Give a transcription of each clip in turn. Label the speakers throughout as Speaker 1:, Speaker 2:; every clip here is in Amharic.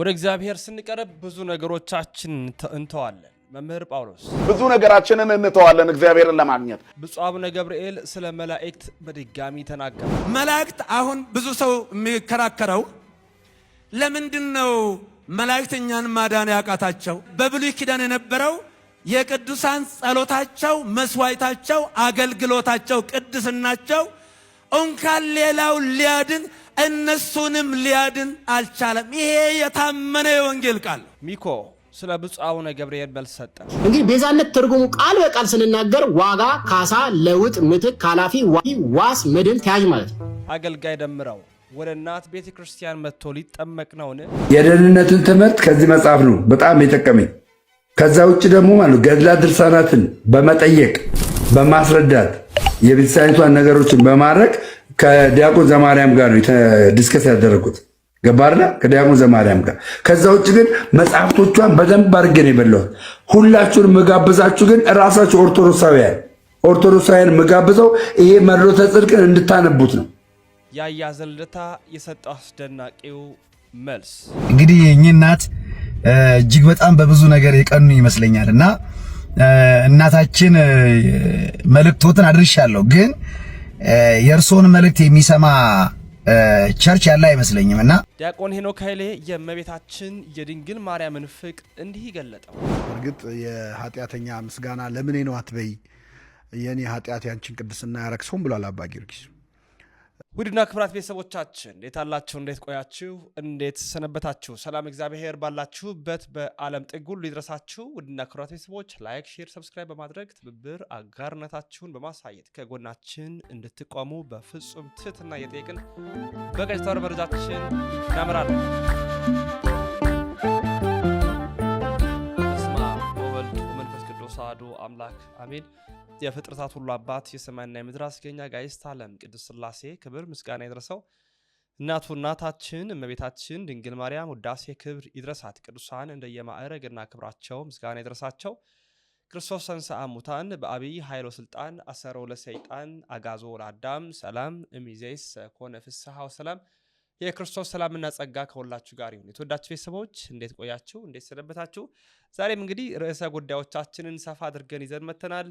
Speaker 1: ወደ እግዚአብሔር ስንቀርብ ብዙ ነገሮቻችን እንተዋለን። መምህር ጳውሎስ
Speaker 2: ብዙ ነገራችንን እንተዋለን እግዚአብሔርን ለማግኘት።
Speaker 1: ብፁዕ አቡነ ገብርኤል ስለ መላእክት በድጋሚ ተናገሩ። መላእክት አሁን ብዙ ሰው የሚከራከረው ለምንድን ነው መላእክት እኛን ማዳን ያቃታቸው? በብሉይ ኪዳን የነበረው የቅዱሳን ጸሎታቸው፣ መስዋዕታቸው፣ አገልግሎታቸው፣ ቅድስናቸው እንኳን ሌላው ሊያድን እነሱንም ሊያድን አልቻለም። ይሄ የታመነ የወንጌል ቃል ሚኮ ስለ ብፁዕ አቡነ ገብርኤል መልስ ሰጠ።
Speaker 3: እንግዲህ ቤዛነት ትርጉሙ ቃል በቃል ስንናገር ዋጋ፣ ካሳ፣ ለውጥ፣ ምትክ፣ ኃላፊ፣ ዋስ፣ ምድን፣ ተያዥ ማለት
Speaker 1: ነው። አገልጋይ ደምረው ወደ እናት ቤተ ክርስቲያን መጥቶ ሊጠመቅ ነውን?
Speaker 4: የደህንነትን ትምህርት ከዚህ መጽሐፍ ነው በጣም የጠቀመኝ። ከዛ ውጭ ደግሞ ማለት ገድላ ድርሳናትን በመጠየቅ በማስረዳት የቤተሳይነቷን ነገሮችን በማድረግ ከዲያቆን ዘማርያም ጋር ነው ዲስከስ ያደረጉት። ገባርና ከዲያቆን ዘማርያም ጋር። ከዛ ውጭ ግን መጽሐፍቶቿን በደንብ አድርጌ ነው የበላሁት። ሁላችሁን መጋበዛችሁ ግን ራሳችሁ ኦርቶዶክሳውያን ኦርቶዶክሳውያን መጋበዘው ይሄ መድሎተ ጽድቅን እንድታነቡት ነው።
Speaker 1: ያያ ዘለደታ የሰጠው አስደናቂው መልስ
Speaker 4: እንግዲህ እኚህ እናት እጅግ በጣም በብዙ ነገር የቀኑ ይመስለኛል እና እናታችን መልእክቶትን አድርሻለሁ ግን የእርስዎን መልእክት የሚሰማ ቸርች ያለ አይመስለኝም። እና
Speaker 1: ዲያቆን ሄኖክ ኃይሌ የእመቤታችን የድንግል ማርያምን ፍቅር እንዲህ ይገለጠው።
Speaker 4: እርግጥ የኃጢአተኛ ምስጋና ለምኔ ነው አትበይ፣ የእኔ ኃጢአት ያንቺን ቅድስና ያረክሰውም ብሏል አባ ጊዮርጊስ
Speaker 1: ውድና ክብራት ቤተሰቦቻችን እንዴት አላችሁ? እንዴት ቆያችሁ? እንዴት ሰነበታችሁ? ሰላም እግዚአብሔር ባላችሁበት በዓለም ጥግ ሁሉ ይድረሳችሁ። ውድና ክብራት ቤተሰቦች ላይክ፣ ሼር፣ ሰብስክራይብ በማድረግ ትብብር አጋርነታችሁን በማሳየት ከጎናችን እንድትቆሙ በፍጹም ትህትና እየጠየቅን በቀጥታ መረጃችን እናመራለን። ቅዱስ አምላክ አሜን። የፍጥረታት ሁሉ አባት የሰማይና የምድር አስገኛ ጋይስት አለም ቅዱስ ስላሴ ክብር ምስጋና ይድረሰው። እናቱ እናታችን እመቤታችን ድንግል ማርያም ውዳሴ ክብር ይድረሳት። ቅዱሳን እንደየማዕረግና ክብራቸው ምስጋና ይድረሳቸው። ክርስቶስ ተንሥአ እሙታን በአብይ ኃይሎ ስልጣን አሰረው ለሰይጣን አጋዞ ለአዳም ሰላም እሚዜስ ኮነ ፍስሐው ሰላም የክርስቶስ ሰላምና ጸጋ ከሁላችሁ ጋር ይሁን። የተወዳችሁ ቤተሰቦች እንዴት ቆያችሁ? እንዴት ሰነበታችሁ? ዛሬም እንግዲህ ርዕሰ ጉዳዮቻችንን ሰፋ አድርገን ይዘን መተናል።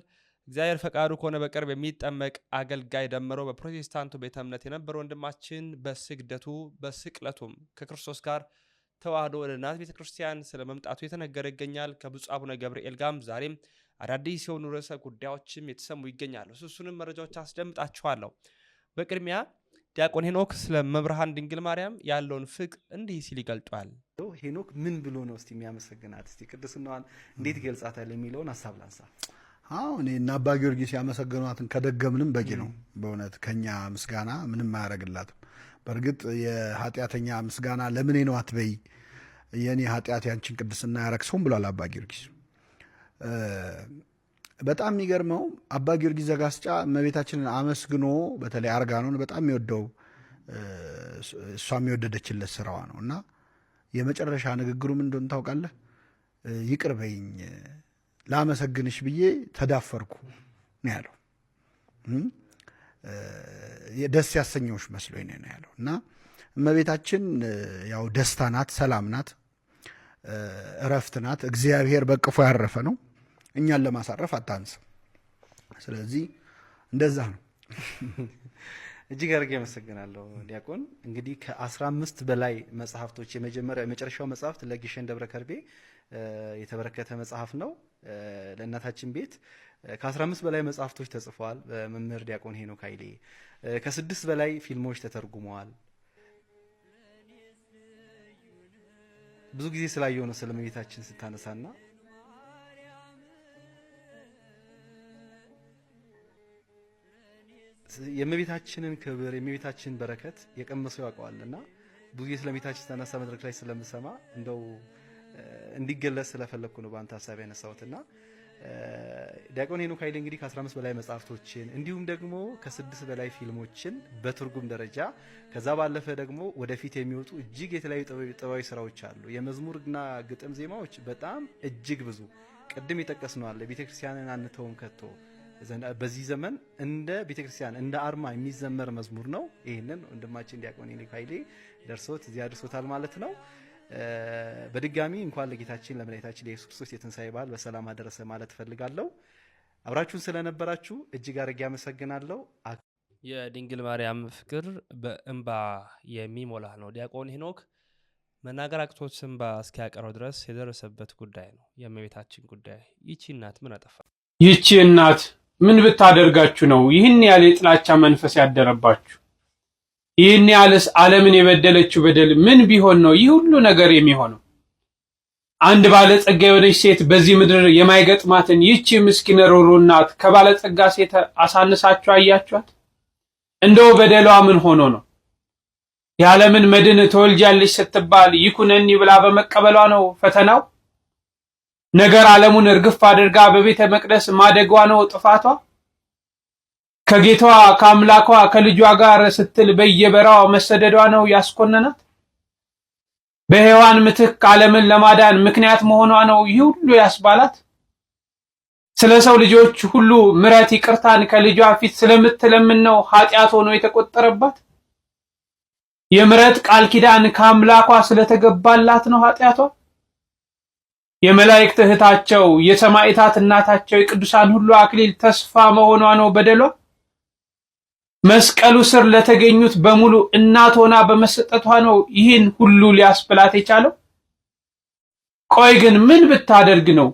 Speaker 1: እግዚአብሔር ፈቃዱ ከሆነ በቅርብ የሚጠመቅ አገልጋይ ደምሮ በፕሮቴስታንቱ ቤተ እምነት የነበረ ወንድማችን በስግደቱ በስቅለቱም ከክርስቶስ ጋር ተዋህዶ ወደ እናት ቤተ ክርስቲያን ስለ መምጣቱ የተነገረ ይገኛል። ከብፁ አቡነ ገብርኤል ጋም ዛሬም አዳዲስ የሆኑ ርዕሰ ጉዳዮችም የተሰሙ ይገኛሉ። እሱንም መረጃዎች አስደምጣችኋለሁ። በቅድሚያ ዲያቆን ሄኖክ ስለ መብርሃን ድንግል ማርያም ያለውን ፍቅር እንዲህ ሲል ይገልጧል። ሄኖክ ምን ብሎ ነው እስቲ የሚያመሰግናት? እስቲ ቅድስናዋን እንዴት ይገልጻታል የሚለውን ሀሳብ ላንሳ።
Speaker 4: አዎ እኔ እና አባ ጊዮርጊስ ያመሰግኗትን ከደገምንም በቂ ነው። በእውነት ከኛ ምስጋና ምንም አያደርግላትም። በእርግጥ የኃጢአተኛ ምስጋና ለምኔ ነው አትበይ፣ የእኔ ኃጢአት ያንቺን ቅድስና ያረክሰውም ብሏል አባ ጊዮርጊስ በጣም የሚገርመው አባ ጊዮርጊስ ዘጋስጫ እመቤታችንን አመስግኖ በተለይ አርጋኖን በጣም የሚወደው እሷ የሚወደደችለት ስራዋ ነው እና የመጨረሻ ንግግሩ ምን እንደሆነ ታውቃለህ? ይቅር በይኝ ላመሰግንሽ ብዬ ተዳፈርኩ ነው ያለው። ደስ ያሰኘውሽ መስሎ ነው ያለው እና እመቤታችን ያው ደስታ ናት፣ ሰላም ናት፣ እረፍት ናት። እግዚአብሔር በቅፎ ያረፈ ነው። እኛን ለማሳረፍ አታንስ። ስለዚህ እንደዛ ነው።
Speaker 1: እጅግ አድርጌ አመሰግናለሁ ዲያቆን። እንግዲህ ከአስራ አምስት በላይ መጽሐፍቶች የመጀመሪያ የመጨረሻው መጽሐፍት ለጊሸን ደብረ ከርቤ የተበረከተ መጽሐፍ ነው ለእናታችን ቤት ከ15 በላይ መጽሐፍቶች ተጽፈዋል በመምህር ዲያቆን ሄኖክ ኃይሌ። ከስድስት በላይ ፊልሞች ተተርጉመዋል። ብዙ ጊዜ ስላየሆነ ስለመቤታችን ስታነሳና የእመቤታችንን ክብር የእመቤታችንን በረከት የቀመሰው ያውቀዋልና ብዙ ጊዜ ስለእመቤታችን ስታነሳ መድረክ ላይ ስለምሰማ እንደው እንዲገለጽ ስለፈለግኩ ነው በአንተ ሀሳብ ያነሳውትና ዲያቆን ሄኖክ ኃይሌ እንግዲህ ከ15 በላይ መጽሐፍቶችን እንዲሁም ደግሞ ከስድስት በላይ ፊልሞችን በትርጉም ደረጃ ከዛ ባለፈ ደግሞ ወደፊት የሚወጡ እጅግ የተለያዩ ጥበባዊ ስራዎች አሉ። የመዝሙርና ግጥም ዜማዎች በጣም እጅግ ብዙ ቅድም የጠቀስ ቤተክርስቲያንን አንተውም ከቶ በዚህ ዘመን እንደ ቤተክርስቲያን እንደ አርማ የሚዘመር መዝሙር ነው። ይህንን ወንድማችን ዲያቆን ሄኖክ ኃይሌ ደርሶት እዚህ አድርሶታል ማለት ነው። በድጋሚ እንኳን ለጌታችን ለመድኃኒታችን ለኢየሱስ ክርስቶስ የትንሣኤ በዓል በሰላም አደረሰ ማለት እፈልጋለሁ። አብራችሁን ስለነበራችሁ እጅግ አድርጌ አመሰግናለሁ። የድንግል ማርያም ፍቅር በእንባ የሚሞላ ነው። ዲያቆን ሄኖክ መናገር አቅቶት እንባ እስኪያቀረው ድረስ የደረሰበት ጉዳይ ነው። የእመቤታችን ጉዳይ። ይቺ እናት ምን አጠፋ? ይቺ እናት ምን ብታደርጋችሁ ነው ይህን ያለ የጥላቻ መንፈስ ያደረባችሁ? ይህን ያለስ ዓለምን የበደለችው በደል ምን ቢሆን ነው ይህ ሁሉ ነገር የሚሆነው? አንድ ባለጸጋ የሆነች ሴት በዚህ ምድር የማይገጥማትን ይቺ ምስኪን ሩሩ እናት ከባለጸጋ ሴት አሳንሳችሁ አያችኋት? እንደው በደሏ ምን ሆኖ ነው? የዓለምን መድን ትወልጃለሽ ስትባል ይኩነኒ ብላ በመቀበሏ ነው ፈተናው? ነገር ዓለሙን እርግፍ አድርጋ በቤተ መቅደስ ማደጓ ነው ጥፋቷ። ከጌታዋ ከአምላኳ ከልጇ ጋር ስትል በየበረዋ መሰደዷ ነው ያስኮነናት። በሔዋን ምትክ ዓለምን ለማዳን ምክንያት መሆኗ ነው ይህ ሁሉ ያስባላት። ስለ ሰው ልጆች ሁሉ ምረት ይቅርታን ከልጇ ፊት ስለምትለምን ነው ኃጢአት ሆኖ የተቆጠረባት። የምረት ቃል ኪዳን ከአምላኳ ስለተገባላት ነው ኃጢአቷ። የመላእክት እህታቸው የሰማዕታት እናታቸው የቅዱሳን ሁሉ አክሊል ተስፋ መሆኗ ነው በደሏ። መስቀሉ ስር ለተገኙት በሙሉ እናት ሆና በመሰጠቷ ነው ይህን ሁሉ ሊያስብላት የቻለው። ቆይ ግን ምን ብታደርግ ነው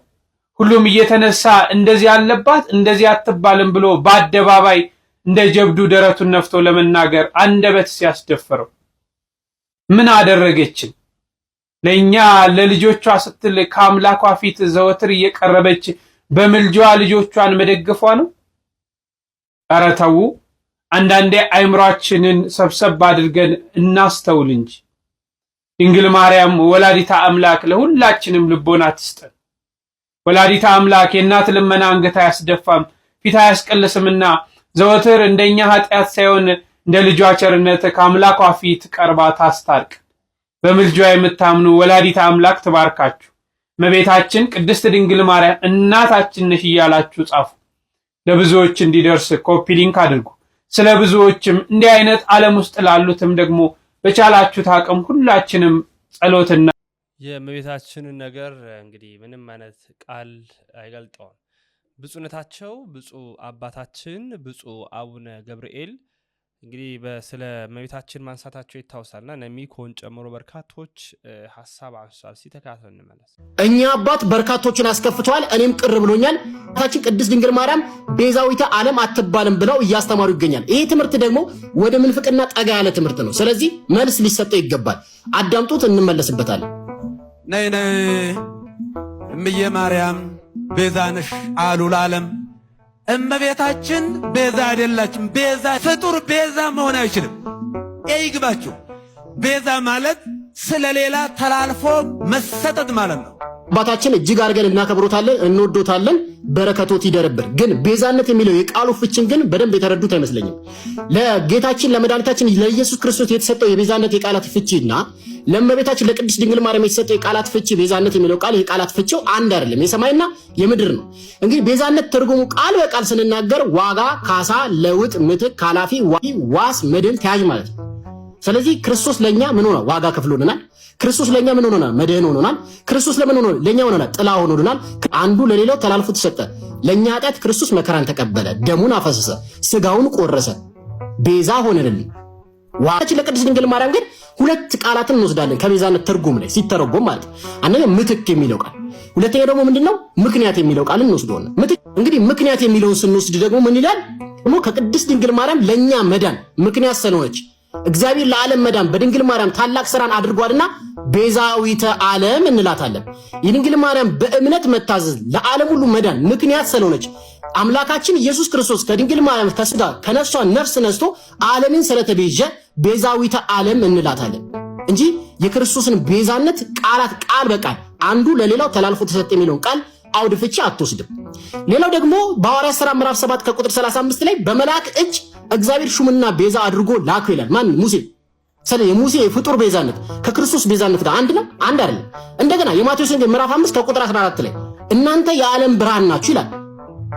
Speaker 1: ሁሉም እየተነሳ እንደዚህ አለባት እንደዚህ አትባልም ብሎ በአደባባይ እንደ ጀብዱ ደረቱን ነፍቶ ለመናገር አንደበት ሲያስደፈረው ምን አደረገችን? ለእኛ ለልጆቿ ስትል ከአምላኳ ፊት ዘወትር እየቀረበች በምልጃዋ ልጆቿን መደገፏ ነው። ኧረ ተው! አንዳንዴ አእምሯችንን ሰብሰብ አድርገን እናስተውል እንጂ። ድንግል ማርያም ወላዲታ አምላክ ለሁላችንም ልቦና ትስጠን። ወላዲታ አምላክ የእናት ልመና አንገት አያስደፋም ፊት አያስቀልስምና ዘወትር እንደኛ ኃጢአት ሳይሆን እንደ ልጇ ቸርነት ከአምላኳ ፊት ቀርባ ታስታርቅ። በምልጃ የምታምኑ ወላዲት አምላክ ትባርካችሁ፣ እመቤታችን ቅድስት ድንግል ማርያም እናታችን ነሽ እያላችሁ ጻፉ። ለብዙዎች እንዲደርስ ኮፒ ሊንክ አድርጉ። ስለ ብዙዎችም እንዲህ አይነት ዓለም ውስጥ ላሉትም ደግሞ በቻላችሁት አቅም ሁላችንም ጸሎትና የእመቤታችንን ነገር እንግዲህ ምንም አይነት ቃል አይገልጠውም። ብፁዕነታቸው ብፁዕ አባታችን ብፁዕ አቡነ ገብርኤል እንግዲህ ስለ መቤታችን ማንሳታቸው ይታወሳልና ነሚኮን ጨምሮ በርካቶች ሀሳብ አንሷል። ሲተካተል እንመለስ። እኛ አባት በርካቶችን አስከፍተዋል። እኔም ቅር ብሎኛል። ታችን ቅድስት ድንግል ማርያም ቤዛዊተ ዓለም አትባልም ብለው እያስተማሩ ይገኛል። ይሄ ትምህርት ደግሞ ወደ ምንፍቅና ጠጋ ያለ ትምህርት ነው። ስለዚህ መልስ ሊሰጠው ይገባል። አዳምጡት፣ እንመለስበታለን። ነይ ነይ እምየ ማርያም ቤዛ ነሽ አሉ ለዓለም እመቤታችን ቤዛ አይደላችም ቤዛ ፍጡር ቤዛ መሆን አይችልም። ይግባችሁ። ቤዛ ማለት ስለሌላ ተላልፎ መሰጠት ማለት ነው። አባታችን እጅግ አድርገን እናከብሮታለን፣ እንወዶታለን። በረከቶት ይደርብን። ግን ቤዛነት የሚለው የቃሉ ፍችን ግን በደንብ የተረዱት አይመስለኝም። ለጌታችን ለመድኃኒታችን ለኢየሱስ ክርስቶስ የተሰጠው የቤዛነት የቃላት ፍቺ እና ለእመቤታችን ለቅድስት ድንግል ማርያም የተሰጠው የቃላት ፍቺ ቤዛነት የሚለው ቃል የቃላት ፍቺው አንድ አይደለም፣ የሰማይና የምድር ነው። እንግዲህ ቤዛነት ትርጉሙ ቃል በቃል ስንናገር ዋጋ፣ ካሳ፣ ለውጥ፣ ምትክ፣ ኃላፊ፣ ዋስ፣ መድን፣ ተያዥ ማለት ነው። ስለዚህ ክርስቶስ ለእኛ ምን ሆነ? ዋጋ ከፍሎልናል። ክርስቶስ ለእኛ ምን ሆኖናል? መድህን ሆኖናል። ክርስቶስ ለምን ሆኖ ለእኛ ሆነናል? ጥላ ሆኖልናል። አንዱ ለሌላው ተላልፎ ተሰጠ። ለእኛ ኃጢአት ክርስቶስ መከራን ተቀበለ፣ ደሙን አፈሰሰ፣ ስጋውን ቆረሰ፣ ቤዛ ሆነልን። ዋጋችን ለቅድስት ድንግል ማርያም ግን ሁለት ቃላትን እንወስዳለን ከቤዛነት ትርጉም ላይ ሲተረጎም ማለት አንደኛ ምትክ የሚለው ቃል፣ ሁለተኛ ደግሞ ምንድነው ምክንያት የሚለው ቃል እንወስደዋለን። እንግዲህ ምክንያት የሚለውን ስንወስድ ደግሞ ምን ይላል? ደግሞ ከቅድስት ድንግል ማርያም ለእኛ መዳን ምክንያት ስለሆነች እግዚአብሔር ለዓለም መዳን በድንግል ማርያም ታላቅ ስራን አድርጓልና ቤዛዊተ ዓለም እንላታለን። የድንግል ማርያም በእምነት መታዘዝ ለዓለም ሁሉ መዳን ምክንያት ስለሆነች አምላካችን ኢየሱስ ክርስቶስ ከድንግል ማርያም ከስጋ ከነፍሷ ነፍስ ነስቶ ዓለምን ስለተቤዠ ቤዛዊተ ዓለም እንላታለን እንጂ የክርስቶስን ቤዛነት ቃላት ቃል በቃል አንዱ ለሌላው ተላልፎ ተሰጠ የሚለውን ቃል አውድ ፍቺ አትወስድም። ሌላው ደግሞ በሐዋርያ ሥራ ምዕራፍ 7 ከቁጥር 35 ላይ በመልአክ እጅ እግዚአብሔር ሹምና ቤዛ አድርጎ ላኩ ይላል። ማን? ሙሴ። ስለ የሙሴ የፍጡር ቤዛነት ከክርስቶስ ቤዛነት ጋር አንድ ነው? አንድ አይደለም። እንደገና የማቴዎስ ወንጌል ምዕራፍ 5 ከቁጥር 14 ላይ እናንተ የዓለም ብርሃን ናችሁ ይላል።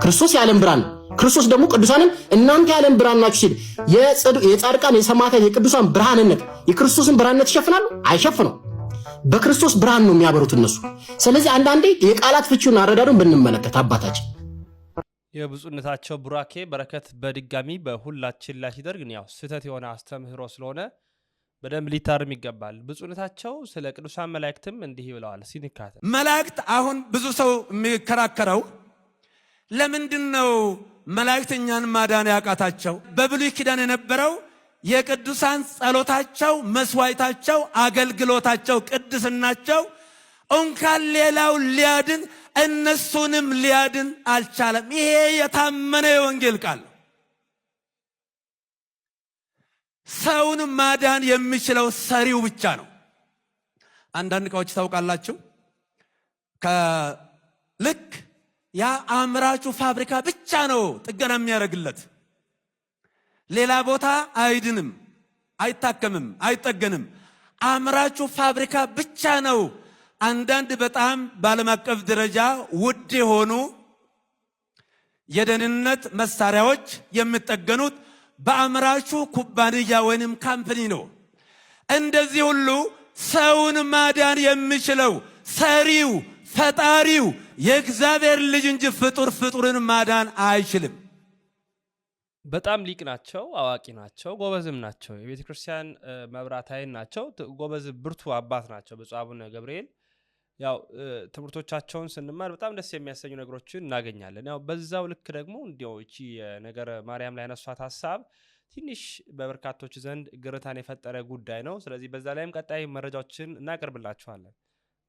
Speaker 1: ክርስቶስ የዓለም ብርሃን ነው። ክርስቶስ ደግሞ ቅዱሳንን እናንተ የዓለም ብርሃን ናችሁ ሲል የጻድቃን የሰማዕታት፣ የቅዱሳን ብርሃንነት የክርስቶስን ብርሃንነት ይሸፍናሉ? አይሸፍነው። በክርስቶስ ብርሃን ነው የሚያበሩት እነሱ። ስለዚህ አንዳንዴ የቃላት ፍቺውን አረዳዱን ብንመለከት አባታችን የብፁነታቸው ቡራኬ በረከት በድጋሚ በሁላችን ላይ ሲደርግ ያው ስህተት የሆነ አስተምህሮ ስለሆነ በደንብ ሊታርም ይገባል። ብፁነታቸው ስለ ቅዱሳን መላእክትም እንዲህ ብለዋል። ሲንካተ መላእክት አሁን ብዙ ሰው የሚከራከረው ለምንድን ነው መላእክት እኛን ማዳን ያቃታቸው? በብሉይ ኪዳን የነበረው የቅዱሳን ጸሎታቸው፣ መስዋዕታቸው፣ አገልግሎታቸው፣ ቅድስናቸው እንኳን ሌላው ሊያድን እነሱንም ሊያድን አልቻለም። ይሄ የታመነ የወንጌል ቃል ነው። ሰውን ማዳን የሚችለው ሰሪው ብቻ ነው። አንዳንድ እቃዎች ታውቃላችሁ፣ ከልክ ያ አምራቹ ፋብሪካ ብቻ ነው ጥገና የሚያደርግለት። ሌላ ቦታ አይድንም፣ አይታከምም፣ አይጠገንም። አምራቹ ፋብሪካ ብቻ ነው አንዳንድ በጣም በዓለም አቀፍ ደረጃ ውድ የሆኑ የደህንነት መሳሪያዎች የሚጠገኑት በአምራቹ ኩባንያ ወይንም ካምፕኒ ነው። እንደዚህ ሁሉ ሰውን ማዳን የሚችለው ሰሪው ፈጣሪው የእግዚአብሔር ልጅ እንጂ ፍጡር ፍጡርን ማዳን አይችልም። በጣም ሊቅ ናቸው፣ አዋቂ ናቸው፣ ጎበዝም ናቸው። የቤተ ክርስቲያን መብራታይን ናቸው፣ ጎበዝ ብርቱ አባት ናቸው ብፁዕ አቡነ ገብርኤል ያው ትምህርቶቻቸውን ስንማር በጣም ደስ የሚያሰኙ ነገሮችን እናገኛለን። ያው በዛው ልክ ደግሞ እንዲው እቺ የነገረ ማርያም ላይ ያነሷት ሀሳብ ትንሽ በበርካቶች ዘንድ ግርታን የፈጠረ ጉዳይ ነው። ስለዚህ በዛ ላይም ቀጣይ መረጃዎችን እናቀርብላችኋለን።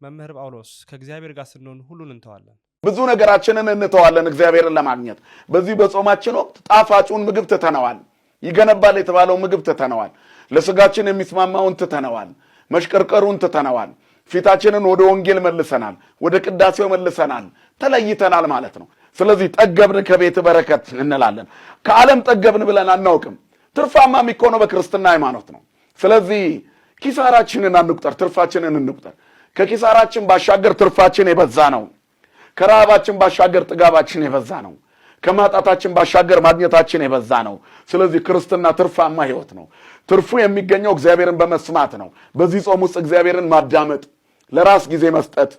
Speaker 1: መምህር ጳውሎስ ከእግዚአብሔር ጋር ስንሆን ሁሉን እንተዋለን
Speaker 2: ብዙ ነገራችንን እንተዋለን እግዚአብሔርን ለማግኘት። በዚህ በጾማችን ወቅት ጣፋጩን ምግብ ትተነዋል። ይገነባል የተባለው ምግብ ትተነዋል። ለስጋችን የሚስማማውን ትተነዋል። መሽቀርቀሩን ትተነዋል። ፊታችንን ወደ ወንጌል መልሰናል፣ ወደ ቅዳሴው መልሰናል፣ ተለይተናል ማለት ነው። ስለዚህ ጠገብን ከቤት በረከት እንላለን። ከዓለም ጠገብን ብለን አናውቅም። ትርፋማ የሚኮነው በክርስትና ሃይማኖት ነው። ስለዚህ ኪሳራችንን አንቁጠር፣ ትርፋችንን እንቁጠር። ከኪሳራችን ባሻገር ትርፋችን የበዛ ነው። ከረሃባችን ባሻገር ጥጋባችን የበዛ ነው። ከማጣታችን ባሻገር ማግኘታችን የበዛ ነው። ስለዚህ ክርስትና ትርፋማ ህይወት ነው። ትርፉ የሚገኘው እግዚአብሔርን በመስማት ነው። በዚህ ጾም ውስጥ እግዚአብሔርን ማዳመጥ ለራስ ጊዜ መስጠት፣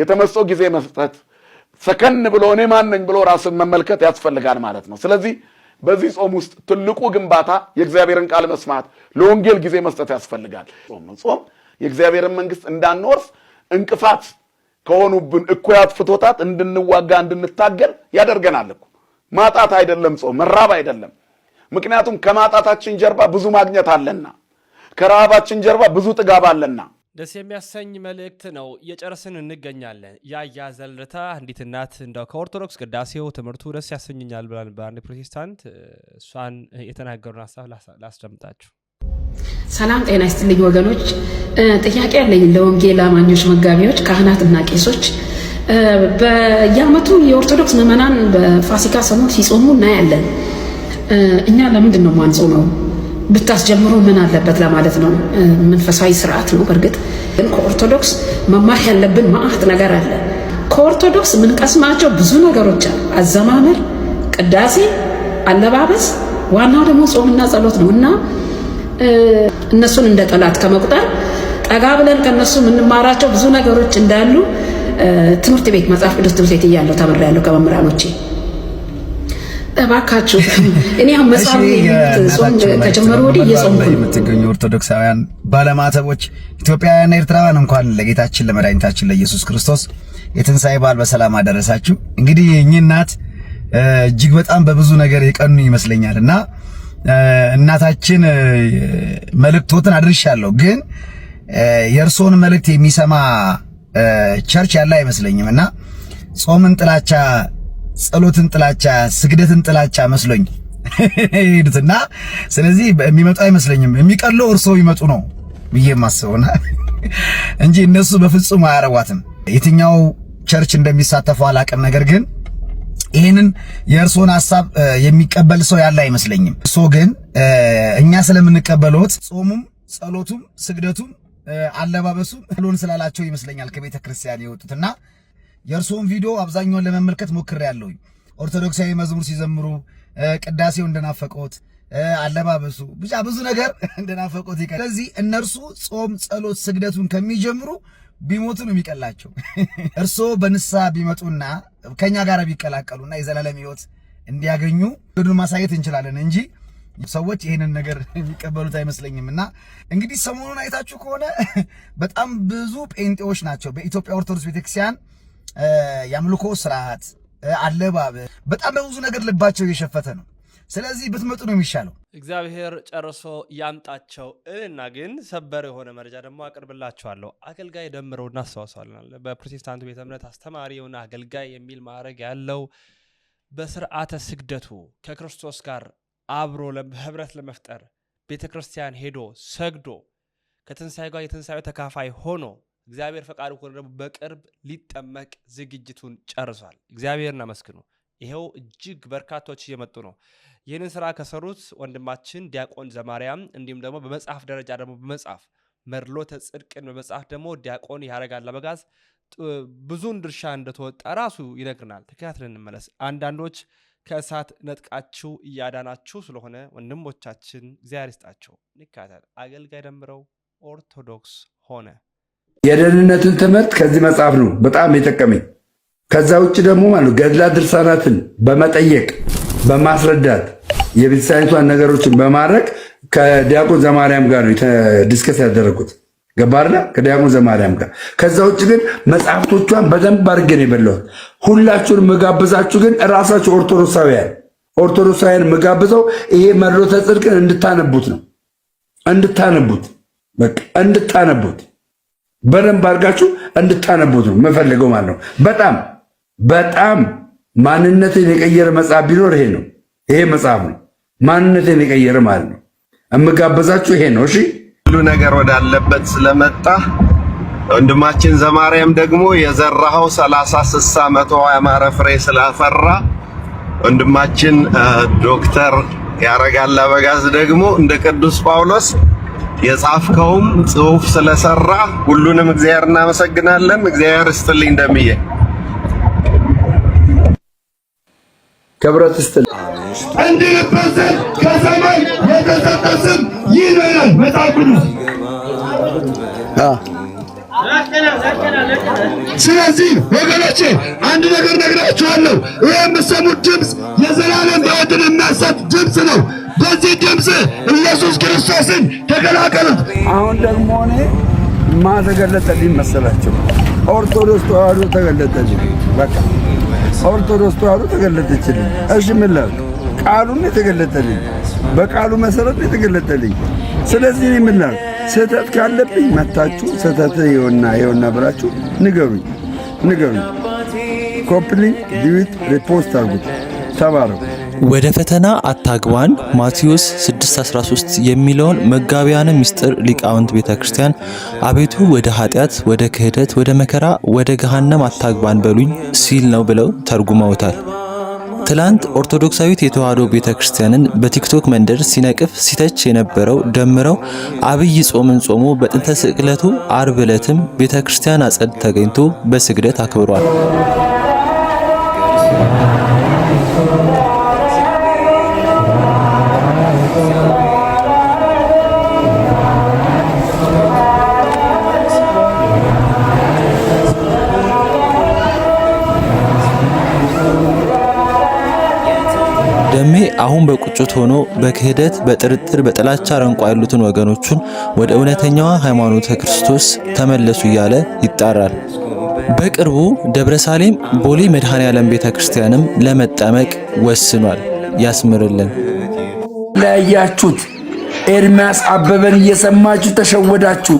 Speaker 2: የተመስጦ ጊዜ መስጠት፣ ሰከን ብሎ እኔ ማን ነኝ ብሎ ራስን መመልከት ያስፈልጋል ማለት ነው። ስለዚህ በዚህ ጾም ውስጥ ትልቁ ግንባታ የእግዚአብሔርን ቃል መስማት፣ ለወንጌል ጊዜ መስጠት ያስፈልጋል። ጾም የእግዚአብሔርን መንግስት እንዳንወርስ እንቅፋት ከሆኑብን እኩያት ፍቶታት እንድንዋጋ እንድንታገል ያደርገናል እኮ። ማጣት አይደለም ጾም መራብ አይደለም። ምክንያቱም ከማጣታችን ጀርባ ብዙ ማግኘት አለና፣ ከረሃባችን ጀርባ ብዙ ጥጋብ አለና
Speaker 1: ደስ የሚያሰኝ መልእክት ነው። እየጨረስን እንገኛለን። ያያ ዘልርታ እንዲት እናት እንደው ከኦርቶዶክስ ቅዳሴው ትምህርቱ ደስ ያሰኝኛል ብላን በአንድ ፕሮቴስታንት እሷን የተናገሩን ሀሳብ ላስደምጣችሁ።
Speaker 5: ሰላም ጤና ይስጥልኝ ወገኖች፣ ጥያቄ ያለኝ ለወንጌል አማኞች መጋቢዎች፣ እና ቄሶች በየዓመቱ የኦርቶዶክስ ምዕመናን በፋሲካ ሰሞን ሲጾሙ እናያለን። እኛ ለምንድን ነው ማንጾመው? ብታስጀምሩ ምን አለበት ለማለት ነው። መንፈሳዊ ስርዓት ነው። በእርግጥ ግን ከኦርቶዶክስ መማር ያለብን መዓት ነገር አለ። ከኦርቶዶክስ ምንቀስማቸው ብዙ ነገሮች አሉ። አዘማመር፣ ቅዳሴ፣ አለባበስ፣ ዋናው ደግሞ ጾምና ጸሎት ነው እና እነሱን እንደ ጠላት ከመቁጠር ጠጋ ብለን ከነሱ የምንማራቸው ብዙ ነገሮች እንዳሉ ትምህርት ቤት መጽሐፍ ቅዱስ ትምህርት ቤት እያለሁ ተምሬያለሁ ከመምህራኖቼ። እባካችሁ እኔ አሁን ከጀመሩ ወዲህ እየጾምኩ ነው።
Speaker 4: የምትገኙ ኦርቶዶክሳውያን ባለማተቦች፣ ኢትዮጵያውያንና ኤርትራውያን እንኳን ለጌታችን ለመድኃኒታችን ለኢየሱስ ክርስቶስ የትንሣኤ በዓል በሰላም አደረሳችሁ። እንግዲህ እኚህ እናት እጅግ በጣም በብዙ ነገር የቀኑ ይመስለኛል እና እናታችን መልእክቶትን አድርሻለሁ፣ ግን የእርስዎን መልእክት የሚሰማ ቸርች ያለ አይመስለኝም እና ጾምን ጥላቻ ጸሎትን ጥላቻ፣ ስግደትን ጥላቻ መስሎኝ ሄዱትና ስለዚህ የሚመጡ አይመስለኝም። የሚቀለው እርሶ ይመጡ ነው ብዬ ማስበውና እንጂ እነሱ በፍጹም አያረጓትም። የትኛው ቸርች እንደሚሳተፉ አላቅም። ነገር ግን ይህንን የእርስዎን ሀሳብ የሚቀበል ሰው ያለ አይመስለኝም። እርሶ ግን እኛ ስለምንቀበለዎት ጾሙም፣ ጸሎቱም፣ ስግደቱም፣ አለባበሱም ሎን ስላላቸው ይመስለኛል ከቤተ ክርስቲያን የወጡትና የእርስዎን ቪዲዮ አብዛኛውን ለመመልከት ሞክሬያለሁኝ። ኦርቶዶክሳዊ መዝሙር ሲዘምሩ ቅዳሴው እንደናፈቆት አለባበሱ ብቻ ብዙ ነገር እንደናፈቆት ይቀ ስለዚህ እነርሱ ጾም፣ ጸሎት፣ ስግደቱን ከሚጀምሩ ቢሞቱ ነው የሚቀላቸው። እርስዎ በንስሐ ቢመጡና ከኛ ጋር ቢቀላቀሉና የዘላለም ሕይወት እንዲያገኙ ድኑን ማሳየት እንችላለን እንጂ ሰዎች ይህንን ነገር የሚቀበሉት አይመስለኝም። እና እንግዲህ ሰሞኑን አይታችሁ ከሆነ በጣም ብዙ ጴንጤዎች ናቸው በኢትዮጵያ ኦርቶዶክስ ቤተክርስቲያን የአምልኮ ስርዓት፣ አለባበስ በጣም በብዙ ነገር ልባቸው እየሸፈተ ነው። ስለዚህ ብትመጡ ነው የሚሻለው።
Speaker 1: እግዚአብሔር ጨርሶ ያምጣቸው። እና ግን ሰበር የሆነ መረጃ ደግሞ አቅርብላችኋለሁ። አገልጋይ ደምረው እናስታውሰዋለን። በፕሮቴስታንቱ ቤተ እምነት አስተማሪ የሆነ አገልጋይ የሚል ማዕረግ ያለው በስርዓተ ስግደቱ ከክርስቶስ ጋር አብሮ ህብረት ለመፍጠር ቤተ ክርስቲያን ሄዶ ሰግዶ ከትንሣኤ ጋር የትንሣኤ ተካፋይ ሆኖ እግዚአብሔር ፈቃድ ከሆነ ደግሞ በቅርብ ሊጠመቅ ዝግጅቱን ጨርሷል። እግዚአብሔርን አመስግኑ። ይኸው እጅግ በርካቶች እየመጡ ነው። ይህንን ስራ ከሰሩት ወንድማችን ዲያቆን ዘማርያም እንዲሁም ደግሞ በመጽሐፍ ደረጃ ደግሞ በመጽሐፍ መድሎተ ጽድቅን በመጽሐፍ ደግሞ ዲያቆን ያረጋል አበጋዝ ብዙውን ድርሻ እንደተወጣ ራሱ ይነግርናል። ተከታትለን እንመለስ። አንዳንዶች ከእሳት ነጥቃችሁ እያዳናችሁ ስለሆነ ወንድሞቻችን እግዚአብሔር ይስጣቸው። ንካተል አገልጋይ ደምረው ኦርቶዶክስ ሆነ
Speaker 4: የደህንነትን ትምህርት ከዚህ መጽሐፍ ነው በጣም የጠቀመኝ። ከዛ ውጭ ደግሞ ማለት ገድላ ድርሳናትን በመጠየቅ በማስረዳት የቤተ ነገሮችን በማድረግ ከዲያቆን ዘማርያም ጋር ነው ዲስከስ ያደረጉት። ገባርና ከዲያቆን ዘማርያም ጋር። ከዛ ውጭ ግን መጽሐፍቶቿን በደንብ አድርገን የበላሁት። ሁላችሁን መጋብዛችሁ ግን ራሳችሁ ኦርቶዶክሳውያን ኦርቶዶክሳውያን መጋብዘው ይሄ መድሎተ ጽድቅን እንድታነቡት ነው እንድታነቡት በቃ እንድታነቡት በደንብ አድርጋችሁ እንድታነቡት ነው የምፈልገው ማለት ነው። በጣም በጣም ማንነትን የቀየረ መጽሐፍ ቢኖር ይሄ ነው። ይሄ መጽሐፍ ነው ማንነትን የቀየረ ማለት ነው። የምጋበዛችሁ ይሄ ነው። እሺ
Speaker 6: ሁሉ ነገር ወዳለበት ስለመጣ ወንድማችን ዘማርያም ደግሞ የዘራኸው 30 60 መቶ ያማረ ፍሬ ስላፈራ ወንድማችን ዶክተር ያረጋል አበጋዝ ደግሞ እንደ ቅዱስ ጳውሎስ የጻፍከውም ጽሁፍ ስለሰራ ሁሉንም እግዚአብሔር እናመሰግናለን። እግዚአብሔር ይስጥልኝ እንደምዬ
Speaker 4: ክብረት ይስጥልኝ።
Speaker 7: እንድንበዘን ከሰማይ የተሰጠ ስም ይህ ነው ይላል መጽሐፍ ቅዱስ። ስለዚህ ወገኖቼ አንድ ነገር ነግራችኋለሁ። ይህ የምሰሙት ድምፅ የዘላለም ሕይወትን የሚያሰጥ ድምፅ ነው። በዚህ ድምፅ ኢየሱስ ክርስቶስን ተቀላቀሉት።
Speaker 8: አሁን ደግሞ እኔ ማ ተገለጠልኝ መሰላቸው? ኦርቶዶክስ ተዋህዶ ተገለጠልኝ። በቃ ኦርቶዶክስ ተዋህዶ ተገለጠችልኝ። እሺ ምን ቃሉን የተገለጠልኝ፣ በቃሉ መሰረት የተገለጠልኝ። ስለዚህ ምላል ስህተት ካለብኝ መታችሁ ስህተት ይኸውና ይኸውና ብላችሁ ንገሩኝ ንገሩኝ። ኮፕሊ ዲዊት ሪፖስት አርጉት ተባረው
Speaker 9: ወደ ፈተና አታግባን ማቴዎስ 6:13 የሚለውን መጋቢያነ ምስጢር ሊቃውንት ቤተ ክርስቲያን አቤቱ ወደ ኃጢአት፣ ወደ ክህደት፣ ወደ መከራ፣ ወደ ገሃነም አታግባን በሉኝ ሲል ነው ብለው ተርጉመውታል። ትላንት ኦርቶዶክሳዊት የተዋሕዶ ቤተ ክርስቲያንን በቲክቶክ መንደር ሲነቅፍ ሲተች የነበረው ደምረው አብይ ጾምን ጾሞ በጥንተ ስቅለቱ አርብ ዕለትም ቤተ ክርስቲያን አጸድ ተገኝቶ በስግደት አክብሯል። አሁን በቁጭት ሆኖ በክህደት በጥርጥር በጥላቻ አረንቋ ያሉትን ወገኖቹን ወደ እውነተኛዋ ሃይማኖተ ክርስቶስ ተመለሱ እያለ ይጣራል። በቅርቡ ደብረ ሳሌም ቦሌ መድኃኔ ዓለም ቤተ ክርስቲያንም ለመጠመቅ ወስኗል። ያስምርልን።
Speaker 10: ለያችሁት ኤርሚያስ አበበን እየሰማችሁ ተሸወዳችሁ፣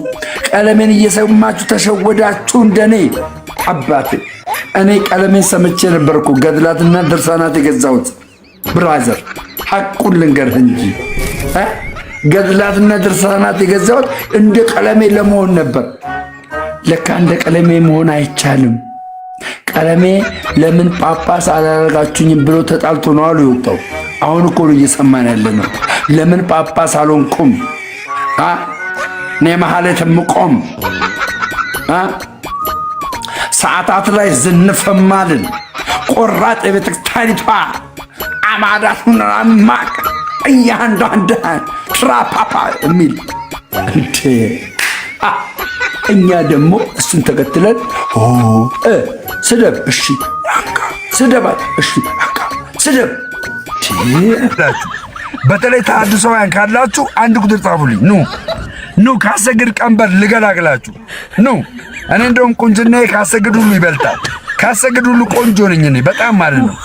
Speaker 10: ቀለሜን እየሰማችሁ ተሸወዳችሁ። እንደኔ አባቴ እኔ ቀለሜን ሰምቼ ነበርኩ ገድላትና ድርሳናት የገዛሁት ብራዘር ሐቁን ልንገርህ እንጂ ገድላትና ድርሳናት የገዛሁት እንደ ቀለሜ ለመሆን ነበር። ለካ እንደ ቀለሜ መሆን አይቻልም። ቀለሜ ለምን ጳጳስ አላረጋችሁኝም ብሎ ተጣልቶ ነው አሉ የወጣው። አሁን እኮ ነው እየሰማን ያለ ነው። ለምን ጳጳስ አልሆንኩም? እኔ መሐሌት የምቆም ሰዓታት ላይ ዝንፈማልን ቆራጥ የቤተ ማዳቱን ማቅ እያንዳንዳን ትራፓፓ የሚል እንዴ! እኛ ደግሞ እሱን ተከትለን ስደብ፣ እሺ ስደባት፣ እሺ ስደብ። በተለይ ተሐድሶውያን ካላችሁ አንድ ቁጥር ጻፉልኝ። ኑ ኑ፣ ካሰግድ ቀንበር ልገላግላችሁ። ኑ እኔ እንደውም ቁንጅናዬ ካሰግድ ሁሉ ይበልጣል። ካሰግድ ሁሉ ቆንጆ ነኝ እኔ በጣም ማለት ነው።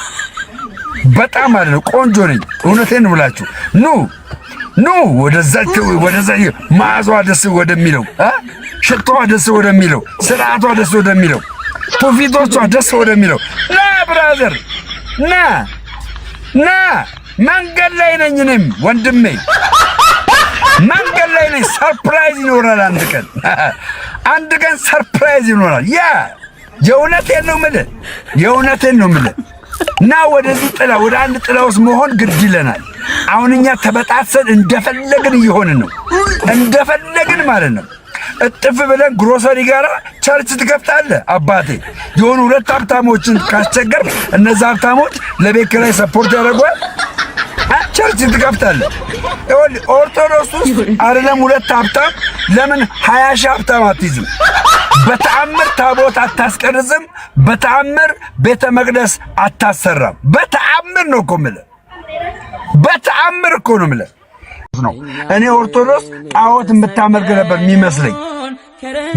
Speaker 10: በጣም አለ ቆንጆ ነኝ። እውነቴን ብላችሁ ኑ ኑ ወደዛች ወደዛ መዓዛዋ ደስ ወደሚለው ሽቶዋ ደስ ወደሚለው ስርዓቷ ደስ ወደሚለው ትውፊቶቿ ደስ ወደሚለው ና ብራዘር ና ና መንገድ ላይ ነኝ። እኔም ወንድሜ መንገድ ላይ ነኝ። ሰርፕራይዝ ይኖራል። አንድ ቀን አንድ ቀን ሰርፕራይዝ ይኖራል። ያ የእውነቴን ነው የምልህ፣ የእውነቴን ነው የምልህ። እና ወደዚህ ጥላ ወደ አንድ ጥላ ውስጥ መሆን ግድ ይለናል። አሁን እኛ ተበጣሰን እንደፈለግን እየሆንን ነው፣ እንደፈለግን ማለት ነው። እጥፍ ብለን ግሮሰሪ ጋር ቸርች ትከፍታለህ አባቴ። የሆኑ ሁለት ሀብታሞችን ካስቸገር እነዛ ሀብታሞች ለቤት ኪራይ ሰፖርት ያደርጓል ቸርች ትከፍታለህ። ኦርቶዶክስ ውስጥ አይደለም ሁለት ሀብታም ለምን ሀያ ሺህ ሀብታም አትይዝም? በተአምር ታቦት አታስቀርዝም በተአምር ቤተ መቅደስ አታሰራም። በተአምር ነው እኮ የምልህ፣ በተአምር እኮ ነው የምልህ ነው። እኔ ኦርቶዶክስ ጣዖት የምታመልክ ነበር የሚመስለኝ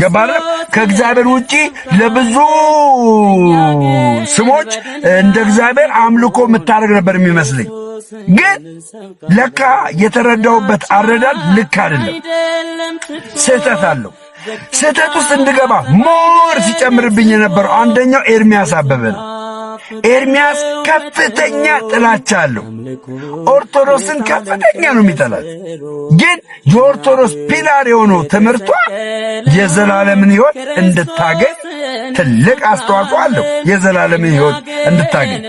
Speaker 10: ገባለ ከእግዚአብሔር ውጪ ለብዙ ስሞች እንደ እግዚአብሔር አምልኮ የምታደርግ ነበር የሚመስለኝ። ግን ለካ የተረዳውበት አረዳድ ልክ አይደለም፣ ስህተት አለው። ስህተት ውስጥ እንድገባ ሞር ሲጨምርብኝ የነበረው አንደኛው ኤርሚያስ አበበ ነው። ኤርሚያስ ከፍተኛ ጥላቻ አለው። ኦርቶዶክስን ከፍተኛ ነው የሚጠላት። ግን የኦርቶዶክስ ፒላር የሆነው ትምህርቷ የዘላለምን ሕይወት እንድታገኝ ትልቅ አስተዋጽኦ አለው። የዘላለምን ሕይወት እንድታገኝ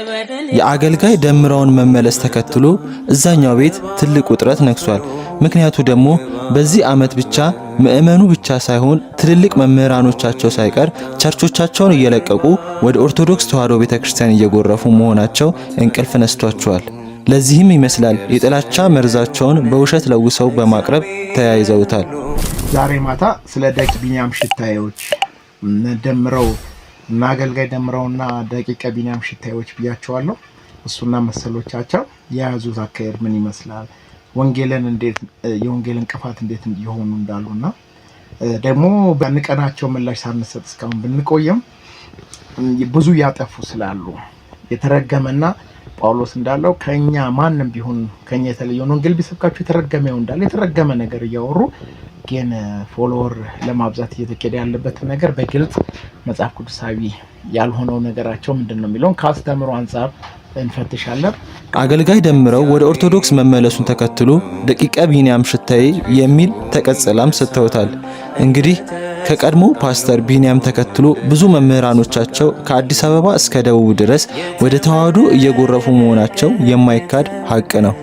Speaker 9: የአገልጋይ ደምረውን መመለስ ተከትሎ እዛኛው ቤት ትልቅ ውጥረት ነግሷል። ምክንያቱ ደግሞ በዚህ ዓመት ብቻ ምእመኑ ብቻ ሳይሆን ትልልቅ መምህራኖቻቸው ሳይቀር ቸርቾቻቸውን እየለቀቁ ወደ ኦርቶዶክስ ተዋሕዶ ቤተክርስቲያን እየጎረፉ መሆናቸው እንቅልፍ ነስቷቸዋል። ለዚህም ይመስላል የጥላቻ መርዛቸውን በውሸት ለውሰው በማቅረብ ተያይዘውታል።
Speaker 11: ዛሬ ማታ ስለ ደቂ ቢኒያም ሽታዎች ደምረው እና አገልጋይ ደምረውና ደቂቀ ቢኒያም ሽታዎች ብያቸዋለሁ። እሱና መሰሎቻቸው የያዙት አካሄድ ምን ይመስላል? ወንጌልን እንዴት የወንጌል እንቅፋት እንዴት እየሆኑ እንዳሉና ደግሞ በንቀናቸው ምላሽ ሳንሰጥ እስካሁን ብንቆየም ብዙ ያጠፉ ስላሉ የተረገመና ጳውሎስ እንዳለው ከኛ ማንም ቢሆን ከኛ የተለየውን ወንጌል ቢሰብካቸው የተረገመ ይሆን እንዳለ የተረገመ ነገር እያወሩ ግን ፎሎወር ለማብዛት እየተኬደ ያለበት ነገር በግልጽ መጽሐፍ ቅዱሳዊ ያልሆነው ነገራቸው ምንድን ነው የሚለውን ከአስተምሮ አንጻር እንፈትሻለን።
Speaker 9: አገልጋይ ደምረው ወደ ኦርቶዶክስ መመለሱን ተከትሎ ደቂቀ ቢንያም ሽታዬ የሚል ተቀጽላም ሰጥተውታል። እንግዲህ ከቀድሞ ፓስተር ቢንያም ተከትሎ ብዙ መምህራኖቻቸው ከአዲስ አበባ እስከ ደቡብ ድረስ ወደ ተዋህዶ እየጎረፉ መሆናቸው የማይካድ ሀቅ ነው።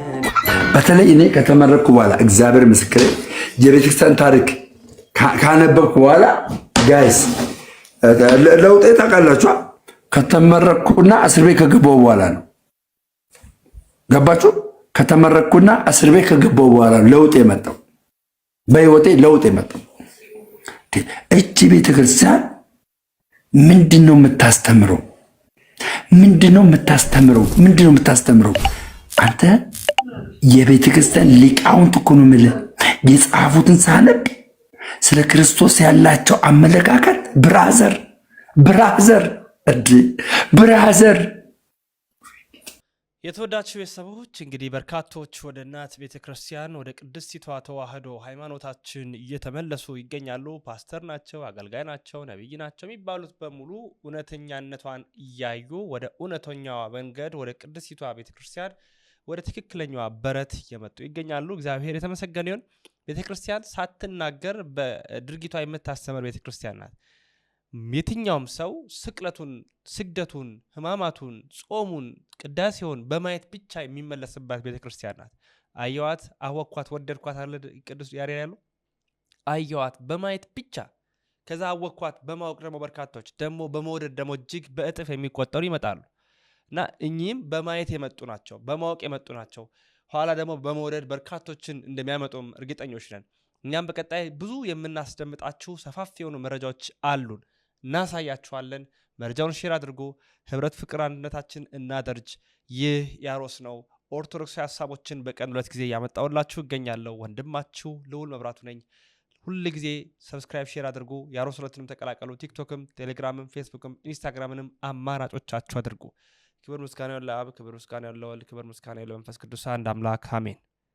Speaker 10: በተለይ እኔ ከተመረቅኩ በኋላ እግዚአብሔር ምስክር የቤተክርስቲያን ታሪክ ካነበብኩ በኋላ ጋይስ ለውጤ ታውቃላችኋ ከተመረቅኩና እስር ቤት ከገባሁ በኋላ ነው ገባችሁ? ከተመረኩና እስር ቤት ከገባው በኋላ ለውጥ የመጣው በህይወቴ ለውጥ የመጣው እቺ ቤተክርስቲያን ምንድን ነው የምታስተምረው? ምንድን ነው የምታስተምረው? ምንድን ነው የምታስተምረው? አንተ የቤተክርስቲያን ሊቃውንት እኮ ነው የምልህ። የጻፉትን ሳነብ ስለ ክርስቶስ ያላቸው አመለካከት ብራዘር ብራዘር ብራዘር
Speaker 1: የተወዳችሁ ቤተሰቦች እንግዲህ በርካቶች ወደ እናት ቤተ ክርስቲያን ወደ ቅድስቲቷ ተዋህዶ ሃይማኖታችን እየተመለሱ ይገኛሉ። ፓስተር ናቸው፣ አገልጋይ ናቸው፣ ነቢይ ናቸው የሚባሉት በሙሉ እውነተኛነቷን እያዩ ወደ እውነተኛዋ መንገድ ወደ ቅድስቲቷ ቤተ ክርስቲያን ወደ ትክክለኛዋ በረት እየመጡ ይገኛሉ። እግዚአብሔር የተመሰገነ ይሁን። ቤተ ክርስቲያን ሳትናገር በድርጊቷ የምታስተምር ቤተ ክርስቲያን ናት። የትኛውም ሰው ስቅለቱን፣ ስግደቱን፣ ህማማቱን፣ ጾሙን፣ ቅዳሴውን በማየት ብቻ የሚመለስባት ቤተ ክርስቲያን ናት። አየዋት፣ አወኳት፣ ወደድኳት አለ ቅዱስ ያሬድ ያሉ አየዋት በማየት ብቻ ከዛ አወኳት በማወቅ ደግሞ በርካቶች ደግሞ በመውደድ ደግሞ እጅግ በእጥፍ የሚቆጠሩ ይመጣሉ እና እኚህም በማየት የመጡ ናቸው፣ በማወቅ የመጡ ናቸው። ኋላ ደግሞ በመውደድ በርካቶችን እንደሚያመጡም እርግጠኞች ነን። እኛም በቀጣይ ብዙ የምናስደምጣችሁ ሰፋፊ የሆኑ መረጃዎች አሉን። እናሳያችኋለን። መረጃውን ሼር አድርጉ። ህብረት፣ ፍቅር፣ አንድነታችን እናደርጅ። ይህ ያሮስ ነው። ኦርቶዶክሳዊ ሀሳቦችን በቀን ሁለት ጊዜ እያመጣሁላችሁ እገኛለሁ። ወንድማችሁ ልዑል መብራቱ ነኝ። ሁል ጊዜ ሰብስክራይብ፣ ሼር አድርጉ። ያሮስ ሁለትንም ተቀላቀሉ። ቲክቶክም፣ ቴሌግራምም፣ ፌስቡክም ኢንስታግራምንም አማራጮቻችሁ አድርጉ። ክብር ምስጋና ለአብ፣ ክብር ምስጋና ለወልድ፣ ክብር ምስጋና ለመንፈስ ቅዱስ አንድ አምላክ አሜን።